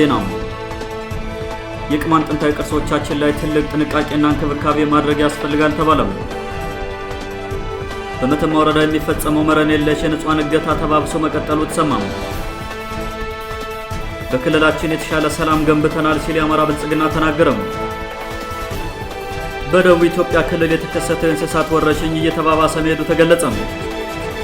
ዜና የቅማን ጥንታዊ ቅርሶቻችን ላይ ትልቅ ጥንቃቄና እንክብካቤ ማድረግ ያስፈልጋል ተባለም። በመተማ ወረዳ የሚፈጸመው መረን የለሽ የንጹሐን እገታ ተባብሶ መቀጠሉ ተሰማም። በክልላችን የተሻለ ሰላም ገንብተናል ሲል የአማራ ብልጽግና ተናገረም። በደቡብ ኢትዮጵያ ክልል የተከሰተው የእንስሳት ወረርሽኝ እየተባባሰ መሄዱ ተገለጸም።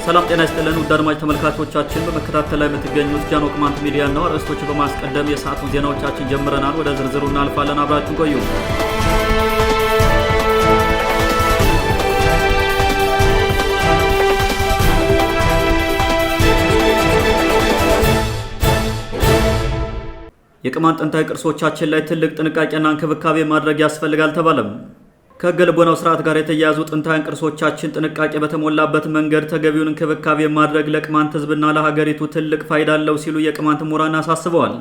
ሰላም ጤና ይስጥልን ውድ አድማጭ ተመልካቾቻችን፣ በመከታተል ላይ የምትገኙት ጃኖ ቅማንት ሚዲያ ነው። አርዕስቶች በማስቀደም የሰዓቱን ዜናዎቻችን ጀምረናል። ወደ ዝርዝሩ እናልፋለን። አብራችን ቆዩ። የቅማንት ጥንታዊ ቅርሶቻችን ላይ ትልቅ ጥንቃቄና እንክብካቤ ማድረግ ያስፈልጋል ተባለም። ከገልቦናው ስርዓት ጋር የተያያዙ ጥንታዊ ቅርሶቻችን ጥንቃቄ በተሞላበት መንገድ ተገቢውን እንክብካቤ ማድረግ ለቅማንት ሕዝብና ለሀገሪቱ ትልቅ ፋይዳ አለው ሲሉ የቅማንት ምሁራን አሳስበዋል።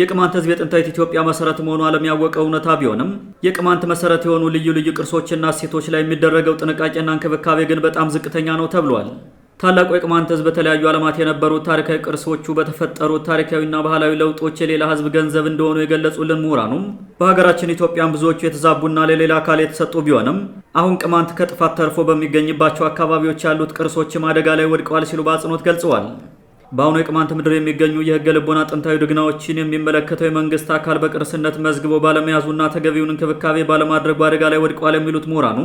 የቅማንት ሕዝብ የጥንታዊት ኢትዮጵያ መሰረት መሆኑ ዓለም ያወቀው እውነታ ቢሆንም የቅማንት መሰረት የሆኑ ልዩ ልዩ ቅርሶችና እሴቶች ላይ የሚደረገው ጥንቃቄና እንክብካቤ ግን በጣም ዝቅተኛ ነው ተብሏል። ታላቁ የቅማንት ህዝብ በተለያዩ ዓለማት የነበሩ ታሪካዊ ቅርሶቹ በተፈጠሩት ታሪካዊና ባህላዊ ለውጦች የሌላ ህዝብ ገንዘብ እንደሆኑ የገለጹልን ምሁራኑም በሀገራችን ኢትዮጵያን ብዙዎቹ የተዛቡና ለሌላ አካል የተሰጡ ቢሆንም አሁን ቅማንት ከጥፋት ተርፎ በሚገኝባቸው አካባቢዎች ያሉት ቅርሶችም አደጋ ላይ ወድቀዋል ሲሉ በአጽንኦት ገልጸዋል። በአሁኑ የቅማንት ምድር የሚገኙ የህገ ልቦና ጥንታዊ ድግናዎችን የሚመለከተው የመንግስት አካል በቅርስነት መዝግቦ ባለመያዙና ተገቢውን እንክብካቤ ባለማድረጉ አደጋ ላይ ወድቋል የሚሉት ምሁራኑ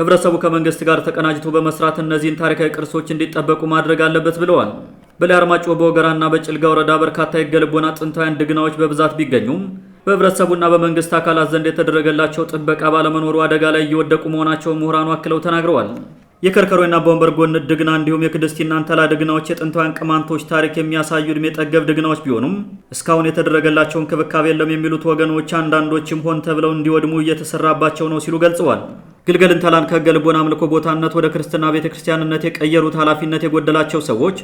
ህብረተሰቡ ከመንግስት ጋር ተቀናጅቶ በመስራት እነዚህን ታሪካዊ ቅርሶች እንዲጠበቁ ማድረግ አለበት ብለዋል። በላይ አርማጭሆ፣ በወገራና በጭልጋ ወረዳ በርካታ የህገ ልቦና ጥንታውያን ድግናዎች በብዛት ቢገኙም በህብረተሰቡና በመንግስት አካላት ዘንድ የተደረገላቸው ጥበቃ ባለመኖሩ አደጋ ላይ እየወደቁ መሆናቸውን ምሁራኑ አክለው ተናግረዋል። የከርከሮና በወንበር ጎን ድግና እንዲሁም የክድስቲና አንተላ ድግናዎች የጥንታውያን ቅማንቶች ታሪክ የሚያሳዩ እድሜ ጠገብ ድግናዎች ቢሆኑም እስካሁን የተደረገላቸው እንክብካቤ የለም የሚሉት ወገኖች አንዳንዶችም ሆን ተብለው እንዲወድሙ እየተሰራባቸው ነው ሲሉ ገልጸዋል። ግልገል እንተላን ከገልቦን አምልኮ ቦታነት ወደ ክርስትና ቤተ ክርስቲያንነት የቀየሩት ኃላፊነት የጎደላቸው ሰዎች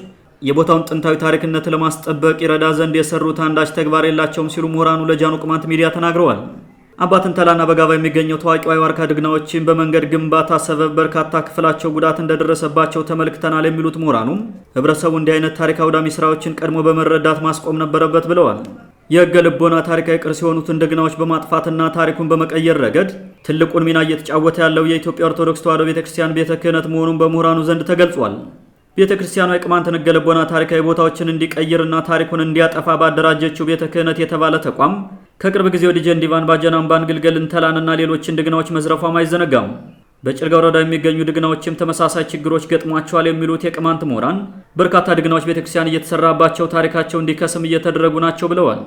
የቦታውን ጥንታዊ ታሪክነት ለማስጠበቅ ይረዳ ዘንድ የሰሩት አንዳች ተግባር የላቸውም ሲሉ ምሁራኑ ለጃኑ ቅማንት ሚዲያ ተናግረዋል። ተላና በጋባ የሚገኘው ታዋቂው የዋርካ ድግናዎችን በመንገድ ግንባታ ሰበብ በርካታ ክፍላቸው ጉዳት እንደደረሰባቸው ተመልክተናል የሚሉት ምሁራኑ ህብረተሰቡ እንዲህ አይነት ታሪክ አውዳሚ ስራዎችን ቀድሞ በመረዳት ማስቆም ነበረበት ብለዋል። የህገ ልቦና ታሪካዊ ቅርስ የሆኑትን ድግናዎች በማጥፋትና ታሪኩን በመቀየር ረገድ ትልቁን ሚና እየተጫወተ ያለው የኢትዮጵያ ኦርቶዶክስ ተዋሕዶ ቤተክርስቲያን ቤተ ክህነት መሆኑን በምሁራኑ ዘንድ ተገልጿል። ቤተ ክርስቲያኗ የቅማንትን ገለጎና ታሪካዊ ቦታዎችን እንዲቀይርና ታሪኩን እንዲያጠፋ ባደራጀችው ቤተ ክህነት የተባለ ተቋም ከቅርብ ጊዜ ወዲህ ጀንዲቫን፣ ባጀናምባን፣ ግልገልን፣ ተላንና ሌሎችን ድግናዎች መዝረፏም አይዘነጋም። በጭልጋ ወረዳ የሚገኙ ድግናዎችም ተመሳሳይ ችግሮች ገጥሟቸዋል የሚሉት የቅማንት ምሁራን በርካታ ድግናዎች ቤተክርስቲያን እየተሰራባቸው ታሪካቸው እንዲከስም እየተደረጉ ናቸው ብለዋል።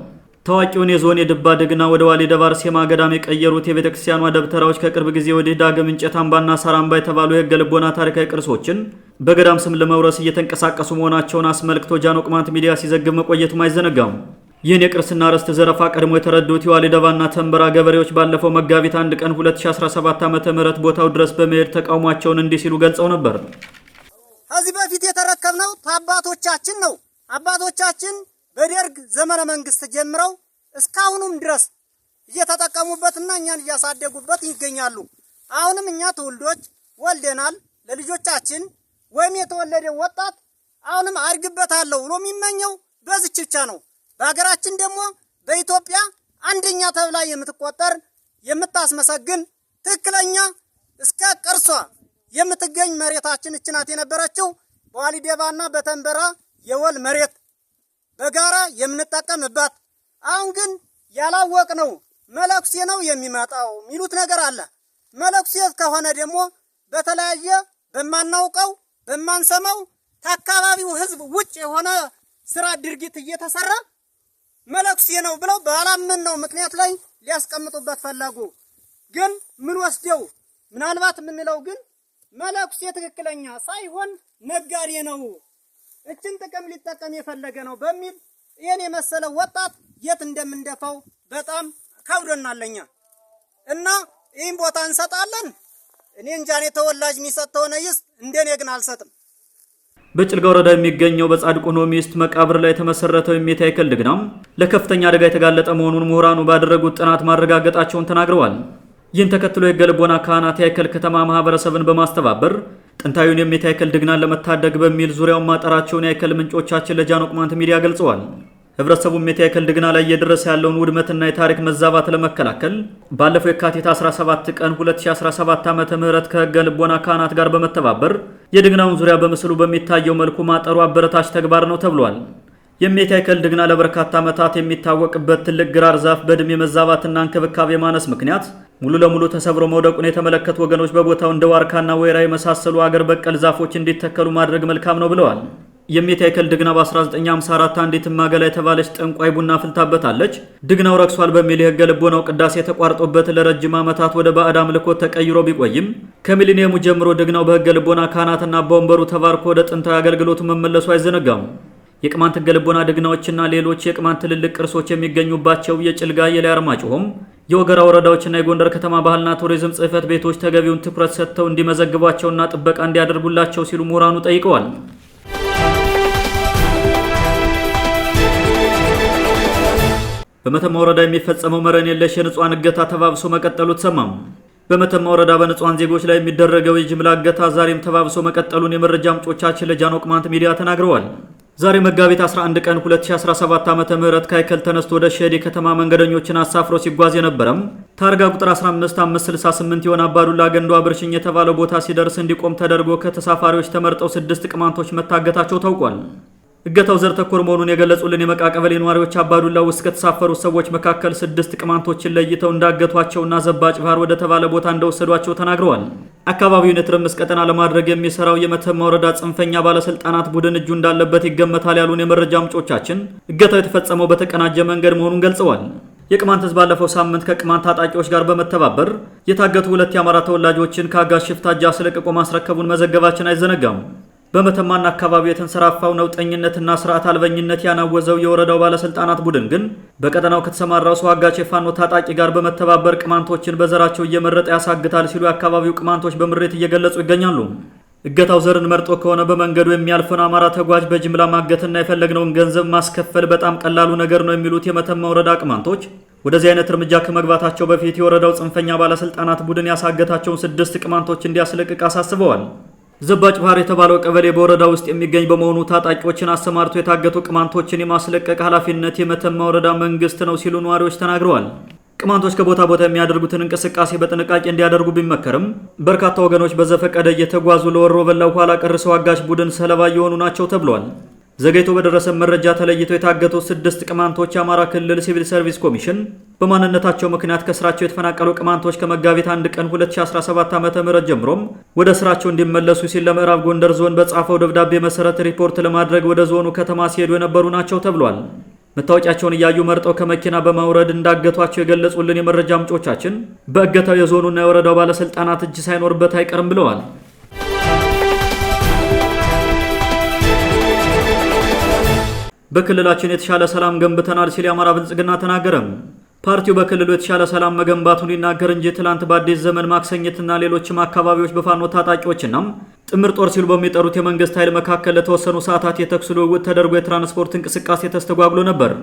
ታዋቂውን የዞን የድባ ድግና ወደ ዋሌ ደባርሴማ ገዳም የቀየሩት የቤተክርስቲያኗ ደብተራዎች ከቅርብ ጊዜ ወዲህ ዳግም እንጨት አምባና ሳራምባ የተባሉ የገልቦና ታሪካዊ ቅርሶችን በገዳም ስም ለመውረስ እየተንቀሳቀሱ መሆናቸውን አስመልክቶ ጃኖቅማት ቅማንት ሚዲያ ሲዘግብ መቆየቱም አይዘነጋም። ይህን የቅርስና ርስት ዘረፋ ቀድሞ የተረዱት የዋሊደባና ተንበራ ገበሬዎች ባለፈው መጋቢት አንድ ቀን 2017 ዓ ም ቦታው ድረስ በመሄድ ተቃውሟቸውን እንዲህ ሲሉ ገልጸው ነበር። ከዚህ በፊት የተረከብነው አባቶቻችን ነው። አባቶቻችን በደርግ ዘመነ መንግስት ጀምረው እስካሁኑም ድረስ እየተጠቀሙበትና እኛን እያሳደጉበት ይገኛሉ። አሁንም እኛ ትውልዶች ወልደናል። ለልጆቻችን ወይም የተወለደ ወጣት አሁንም አድግበታለሁ ብሎ የሚመኘው በዝች ብቻ ነው። በሀገራችን ደግሞ በኢትዮጵያ አንደኛ ተብላ የምትቆጠር የምታስመሰግን ትክክለኛ እስከ ቅርሷ የምትገኝ መሬታችን እች ናት የነበረችው። በዋሊደባና በተንበራ የወል መሬት በጋራ የምንጠቀምባት አሁን ግን ያላወቅ ነው መለኩሴ ነው የሚመጣው የሚሉት ነገር አለ። መለኩሴ ከሆነ ደግሞ በተለያየ በማናውቀው በማንሰማው ከአካባቢው ህዝብ ውጭ የሆነ ስራ ድርጊት እየተሰራ መለኩሴ ነው ብለው ባላምን ነው ምክንያት ላይ ሊያስቀምጡበት ፈለጉ። ግን ምን ወስደው ምናልባት የምንለው ግን መለኩሴ ትክክለኛ ሳይሆን ነጋዴ ነው፣ እችን ጥቅም ሊጠቀም የፈለገ ነው በሚል ይህን የመሰለ ወጣት የት እንደምንደፋው በጣም ከብዶናለኛ እና ይህን ቦታ እንሰጣለን እኔ እንጃ እኔ ተወላጅ የሚሰጥ ተሆነ ይስጥ፣ እንደኔ ግን አልሰጥም። በጭልጋ ወረዳ የሚገኘው በጻድቁ ኖሚ መቃብር ላይ የተመሰረተው የሚታይከል ድግናም ለከፍተኛ አደጋ የተጋለጠ መሆኑን ምሁራኑ ባደረጉት ጥናት ማረጋገጣቸውን ተናግረዋል። ይህን ተከትሎ የገልቦና ካህናት ያይከል ከተማ ማህበረሰብን በማስተባበር ጥንታዊውን የሚታይከል ድግናን ለመታደግ በሚል ዙሪያውን ማጠራቸውን ያይከል ምንጮቻችን ለጃኖ ሚዲያ ገልጸዋል። ህብረተሰቡ የታይክል ድግና ላይ እየደረሰ ያለውን ውድመትና የታሪክ መዛባት ለመከላከል ባለፈው የካቲት 17 ቀን 2017 ዓ.ም ከህገ ልቦና ካህናት ጋር በመተባበር የድግናውን ዙሪያ በምስሉ በሚታየው መልኩ ማጠሩ አበረታች ተግባር ነው ተብሏል። የሜታይከል ድግና ለበርካታ ዓመታት የሚታወቅበት ትልቅ ግራር ዛፍ በዕድሜ መዛባትና እንክብካቤ ማነስ ምክንያት ሙሉ ለሙሉ ተሰብሮ መውደቁን የተመለከቱ ወገኖች በቦታው እንደ ዋርካና ወይራ የመሳሰሉ አገር በቀል ዛፎች እንዲተከሉ ማድረግ መልካም ነው ብለዋል። የሚታይከል ድግና በ1954 አንዲት ማገላ የተባለች ጠንቋይ ቡና ፍልታበታለች። ድግናው ረክሷል በሚል የህገ ልቦናው ቅዳሴ የተቋርጦበት ለረጅም ዓመታት ወደ ባዕድ አምልኮት ተቀይሮ ቢቆይም ከሚሊኒየሙ ጀምሮ ድግናው በህገ ልቦና ካህናትና በወንበሩ ተባርኮ ወደ ጥንታዊ አገልግሎቱ መመለሱ አይዘነጋም። የቅማንት ህገ ልቦና ድግናዎችና ሌሎች የቅማንት ትልልቅ ቅርሶች የሚገኙባቸው የጭልጋ፣ የላይ አርማጭሆም፣ የወገራ ወረዳዎችና የጎንደር ከተማ ባህልና ቱሪዝም ጽህፈት ቤቶች ተገቢውን ትኩረት ሰጥተው እንዲመዘግቧቸውና ጥበቃ እንዲያደርጉላቸው ሲሉ ምሁራኑ ጠይቀዋል። በመተማ ወረዳ የሚፈጸመው መረን የለሽ የንጹሐን እገታ ተባብሶ መቀጠሉ ተሰማም። በመተማ ወረዳ በንጹሐን ዜጎች ላይ የሚደረገው የጅምላ እገታ ዛሬም ተባብሶ መቀጠሉን የመረጃ ምንጮቻችን ለጃኖ ቅማንት ሚዲያ ተናግረዋል። ዛሬ መጋቢት 11 ቀን 2017 ዓ.ም ምህረት ካይከል ተነስቶ ወደ ሼዲ ከተማ መንገደኞችን አሳፍሮ ሲጓዝ የነበረም ታርጋ ቁጥር 15568 የሆነ አባዱላ ገንዶ አብርሽኝ የተባለው ቦታ ሲደርስ እንዲቆም ተደርጎ ከተሳፋሪዎች ተመርጠው ስድስት ቅማንቶች መታገታቸው ታውቋል። እገታው ዘር ተኮር መሆኑን የገለጹልን የመቃ ቀበሌ ነዋሪዎች አባዱላ ውስጥ ከተሳፈሩ ሰዎች መካከል ስድስት ቅማንቶችን ለይተው እንዳገቷቸውና ዘባጭ ባህር ወደ ተባለ ቦታ እንደወሰዷቸው ተናግረዋል። አካባቢውን የትርምስ ቀጠና ለማድረግ የሚሰራው የመተማ ወረዳ ጽንፈኛ ባለስልጣናት ቡድን እጁ እንዳለበት ይገመታል ያሉን የመረጃ ምንጮቻችን እገታው የተፈጸመው በተቀናጀ መንገድ መሆኑን ገልጸዋል። የቅማንት ህዝብ ባለፈው ሳምንት ከቅማንት ታጣቂዎች ጋር በመተባበር የታገቱ ሁለት የአማራ ተወላጆችን ከአጋሽ ሽፍታ እጅ አስለቅቆ ማስረከቡን መዘገባችን አይዘነጋም። በመተማና አካባቢው የተንሰራፋው ነውጠኝነትና ስርዓት አልበኝነት ያናወዘው የወረዳው ባለስልጣናት ቡድን ግን በቀጠናው ከተሰማራው ሰው ሰዋጋች የፋኖ ታጣቂ ጋር በመተባበር ቅማንቶችን በዘራቸው እየመረጠ ያሳግታል ሲሉ የአካባቢው ቅማንቶች በምሬት እየገለጹ ይገኛሉ። እገታው ዘርን መርጦ ከሆነ በመንገዱ የሚያልፈን አማራ ተጓዥ በጅምላ ማገትና የፈለግነውን ገንዘብ ማስከፈል በጣም ቀላሉ ነገር ነው የሚሉት የመተማ ወረዳ ቅማንቶች ወደዚህ አይነት እርምጃ ከመግባታቸው በፊት የወረዳው ጽንፈኛ ባለስልጣናት ቡድን ያሳገታቸውን ስድስት ቅማንቶች እንዲያስለቅቅ አሳስበዋል። ዘባጭ ባህር የተባለው ቀበሌ በወረዳ ውስጥ የሚገኝ በመሆኑ ታጣቂዎችን አሰማርቶ የታገቱ ቅማንቶችን የማስለቀቅ ኃላፊነት የመተማ ወረዳ መንግስት ነው ሲሉ ነዋሪዎች ተናግረዋል። ቅማንቶች ከቦታ ቦታ የሚያደርጉትን እንቅስቃሴ በጥንቃቄ እንዲያደርጉ ቢመከርም በርካታ ወገኖች በዘፈቀደ እየተጓዙ ለወሮ በላው ኋላ ቀር ሰው አጋሽ ቡድን ሰለባ እየሆኑ ናቸው ተብሏል። ዘገይቶ በደረሰ መረጃ ተለይተው የታገቱ ስድስት ቅማንቶች የአማራ ክልል ሲቪል ሰርቪስ ኮሚሽን በማንነታቸው ምክንያት ከስራቸው የተፈናቀሉ ቅማንቶች ከመጋቢት አንድ ቀን 2017 ዓ ም ጀምሮም ወደ ስራቸው እንዲመለሱ ሲል ለምዕራብ ጎንደር ዞን በጻፈው ደብዳቤ መሰረት ሪፖርት ለማድረግ ወደ ዞኑ ከተማ ሲሄዱ የነበሩ ናቸው ተብሏል። መታወቂያቸውን እያዩ መርጠው ከመኪና በማውረድ እንዳገቷቸው የገለጹልን የመረጃ ምንጮቻችን በእገታው የዞኑና የወረዳው ባለስልጣናት እጅ ሳይኖርበት አይቀርም ብለዋል። በክልላችን የተሻለ ሰላም ገንብተናል ሲል የአማራ ብልጽግና ተናገረም። ፓርቲው በክልሉ የተሻለ ሰላም መገንባቱን ይናገር እንጂ ትላንት በአዲስ ዘመን ማክሰኘትና ሌሎችም አካባቢዎች በፋኖ ታጣቂዎችና ጥምር ጦር ሲሉ በሚጠሩት የመንግስት ኃይል መካከል ለተወሰኑ ሰዓታት የተኩስ ልውውጥ ተደርጎ የትራንስፖርት እንቅስቃሴ ተስተጓጉሎ ነበር።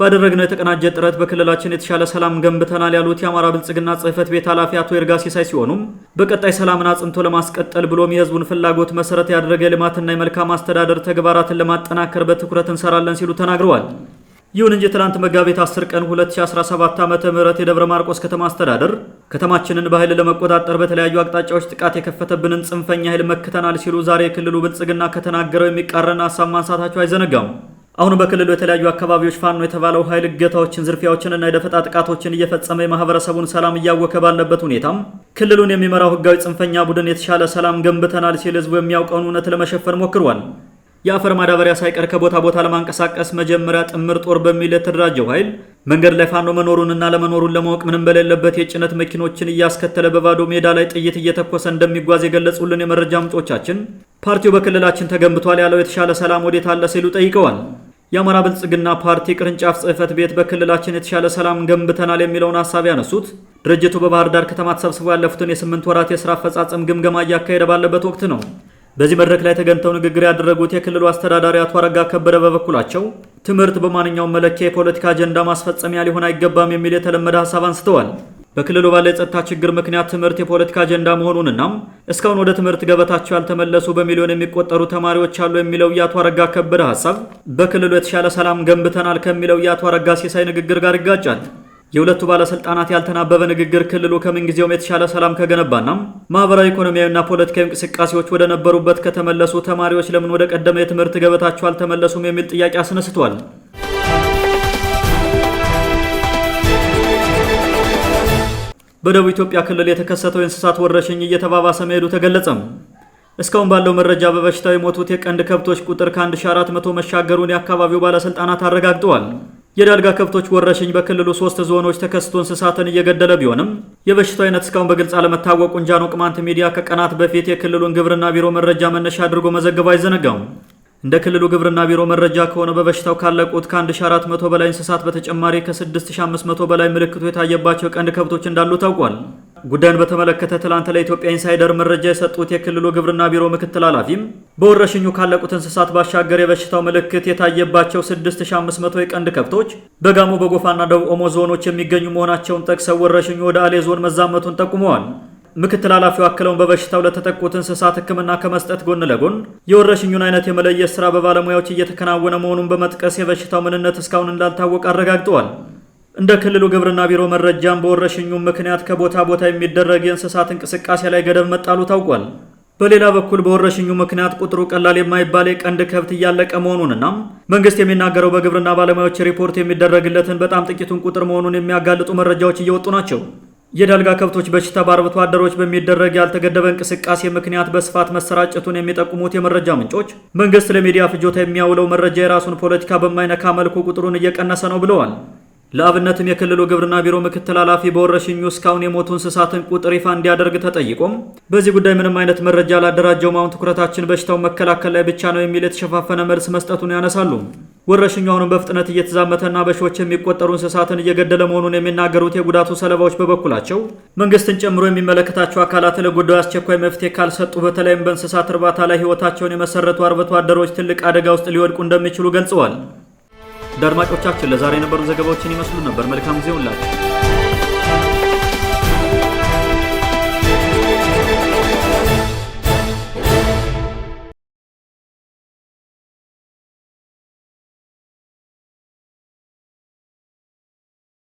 ባደረግነው የተቀናጀ ጥረት በክልላችን የተሻለ ሰላም ገንብተናል ያሉት የአማራ ብልጽግና ጽህፈት ቤት ኃላፊ አቶ ይርጋ ሲሳይ ሲሆኑም በቀጣይ ሰላምን አጽንቶ ለማስቀጠል ብሎም የህዝቡን ፍላጎት መሰረት ያደረገ የልማትና የመልካም አስተዳደር ተግባራትን ለማጠናከር በትኩረት እንሰራለን ሲሉ ተናግረዋል። ይሁን እንጂ ትናንት መጋቢት 10 ቀን 2017 ዓ.ም የደብረ ማርቆስ ከተማ አስተዳደር ከተማችንን በኃይል ለመቆጣጠር በተለያዩ አቅጣጫዎች ጥቃት የከፈተብንን ጽንፈኛ ኃይል መክተናል ሲሉ ዛሬ የክልሉ ብልጽግና ከተናገረው የሚቃረን ሀሳብ ማንሳታቸው አይዘነጋም። አሁን በክልሉ የተለያዩ አካባቢዎች ፋኖ የተባለው ኃይል እገታዎችን፣ ዝርፊያዎችን እና የደፈጣ ጥቃቶችን እየፈጸመ የማህበረሰቡን ሰላም እያወከ ባለበት ሁኔታም ክልሉን የሚመራው ህጋዊ ጽንፈኛ ቡድን የተሻለ ሰላም ገንብተናል ሲል ህዝቡ የሚያውቀውን እውነት ለመሸፈን ሞክሯል። የአፈር ማዳበሪያ ሳይቀር ከቦታ ቦታ ለማንቀሳቀስ መጀመሪያ ጥምር ጦር በሚል የተደራጀው ኃይል መንገድ ላይ ፋኖ መኖሩንና ለመኖሩን ለማወቅ ምንም በሌለበት የጭነት መኪኖችን እያስከተለ በባዶ ሜዳ ላይ ጥይት እየተኮሰ እንደሚጓዝ የገለጹልን የመረጃ ምንጮቻችን ፓርቲው በክልላችን ተገንብቷል ያለው የተሻለ ሰላም ወዴት አለ ሲሉ ጠይቀዋል። የአማራ ብልጽግና ፓርቲ ቅርንጫፍ ጽህፈት ቤት በክልላችን የተሻለ ሰላም ገንብተናል የሚለውን ሀሳብ ያነሱት ድርጅቱ በባህር ዳር ከተማ ተሰብስቦ ያለፉትን የስምንት ወራት የስራ አፈጻጸም ግምገማ እያካሄደ ባለበት ወቅት ነው። በዚህ መድረክ ላይ ተገኝተው ንግግር ያደረጉት የክልሉ አስተዳዳሪ አቶ አረጋ ከበደ በበኩላቸው ትምህርት በማንኛውም መለኪያ የፖለቲካ አጀንዳ ማስፈጸሚያ ሊሆን አይገባም የሚል የተለመደ ሀሳብ አንስተዋል። በክልሉ ባለ የጸጥታ ችግር ምክንያት ትምህርት የፖለቲካ አጀንዳ መሆኑንና እስካሁን ወደ ትምህርት ገበታቸው ያልተመለሱ በሚሊዮን የሚቆጠሩ ተማሪዎች አሉ የሚለው የአቶ አረጋ ከበደ ሀሳብ በክልሉ የተሻለ ሰላም ገንብተናል ከሚለው የአቶ አረጋ ሲሳይ ንግግር ጋር ይጋጫል። የሁለቱ ባለስልጣናት ያልተናበበ ንግግር ክልሉ ከምንጊዜውም የተሻለ ሰላም ከገነባና ማህበራዊ፣ ኢኮኖሚያዊና ፖለቲካዊ እንቅስቃሴዎች ወደ ነበሩበት ከተመለሱ ተማሪዎች ለምን ወደ ቀደመ የትምህርት ገበታቸው አልተመለሱም የሚል ጥያቄ አስነስቷል። በደቡብ ኢትዮጵያ ክልል የተከሰተው የእንስሳት ወረሽኝ እየተባባሰ መሄዱ ተገለጸም። እስካሁን ባለው መረጃ በበሽታው የሞቱት የቀንድ ከብቶች ቁጥር ከ1400 መሻገሩን የአካባቢው ባለሥልጣናት አረጋግጠዋል። የዳልጋ ከብቶች ወረሽኝ በክልሉ ሶስት ዞኖች ተከስቶ እንስሳትን እየገደለ ቢሆንም የበሽታው አይነት እስካሁን በግልጽ አለመታወቁን ጃኖ ቅማንት ሚዲያ ከቀናት በፊት የክልሉን ግብርና ቢሮ መረጃ መነሻ አድርጎ መዘገቡ አይዘነጋም። እንደ ክልሉ ግብርና ቢሮ መረጃ ከሆነ በበሽታው ካለቁት ከ1400 በላይ እንስሳት በተጨማሪ ከ6500 በላይ ምልክቱ የታየባቸው ቀንድ ከብቶች እንዳሉ ታውቋል። ጉዳዩን በተመለከተ ትላንት ለኢትዮጵያ ኢንሳይደር መረጃ የሰጡት የክልሉ ግብርና ቢሮ ምክትል ኃላፊም በወረሽኙ ካለቁት እንስሳት ባሻገር የበሽታው ምልክት የታየባቸው 6500 የቀንድ ከብቶች በጋሞ በጎፋና ደቡብ ኦሞ ዞኖች የሚገኙ መሆናቸውን ጠቅሰው ወረሽኙ ወደ አሌ ዞን መዛመቱን ጠቁመዋል። ምክትል ኃላፊው አክለውን በበሽታው ለተጠቁት እንስሳት ሕክምና ከመስጠት ጎን ለጎን የወረሽኙን አይነት የመለየት ስራ በባለሙያዎች እየተከናወነ መሆኑን በመጥቀስ የበሽታው ምንነት እስካሁን እንዳልታወቀ አረጋግጠዋል። እንደ ክልሉ ግብርና ቢሮ መረጃም በወረሽኙ ምክንያት ከቦታ ቦታ የሚደረግ የእንስሳት እንቅስቃሴ ላይ ገደብ መጣሉ ታውቋል። በሌላ በኩል በወረሽኙ ምክንያት ቁጥሩ ቀላል የማይባል የቀንድ ከብት እያለቀ መሆኑንና መንግስት የሚናገረው በግብርና ባለሙያዎች ሪፖርት የሚደረግለትን በጣም ጥቂቱን ቁጥር መሆኑን የሚያጋልጡ መረጃዎች እየወጡ ናቸው። የዳልጋ ከብቶች በሽታ በአርብቶ አደሮች በሚደረግ ያልተገደበ እንቅስቃሴ ምክንያት በስፋት መሰራጨቱን የሚጠቁሙት የመረጃ ምንጮች መንግስት ለሚዲያ ፍጆታ የሚያውለው መረጃ የራሱን ፖለቲካ በማይነካ መልኩ ቁጥሩን እየቀነሰ ነው ብለዋል። ለአብነትም የክልሉ ግብርና ቢሮ ምክትል ኃላፊ በወረሽኙ እስካሁን የሞቱ እንስሳትን ቁጥር ይፋ እንዲያደርግ ተጠይቆም በዚህ ጉዳይ ምንም አይነት መረጃ አላደራጀውም፣ አሁን ትኩረታችን በሽታው መከላከል ላይ ብቻ ነው የሚል የተሸፋፈነ መልስ መስጠቱን ያነሳሉ። ወረሽኙ አሁንም በፍጥነት እየተዛመተና በሺዎች የሚቆጠሩ እንስሳትን እየገደለ መሆኑን የሚናገሩት የጉዳቱ ሰለባዎች በበኩላቸው መንግስትን ጨምሮ የሚመለከታቸው አካላት ለጉዳዩ አስቸኳይ መፍትሄ ካልሰጡ በተለይም በእንስሳት እርባታ ላይ ህይወታቸውን የመሰረቱ አርብቶ አደሮች ትልቅ አደጋ ውስጥ ሊወድቁ እንደሚችሉ ገልጸዋል። አድማጮቻችን ለዛሬ የነበሩ ዘገባዎችን ይመስሉ ነበር። መልካም ጊዜ ሁላችሁ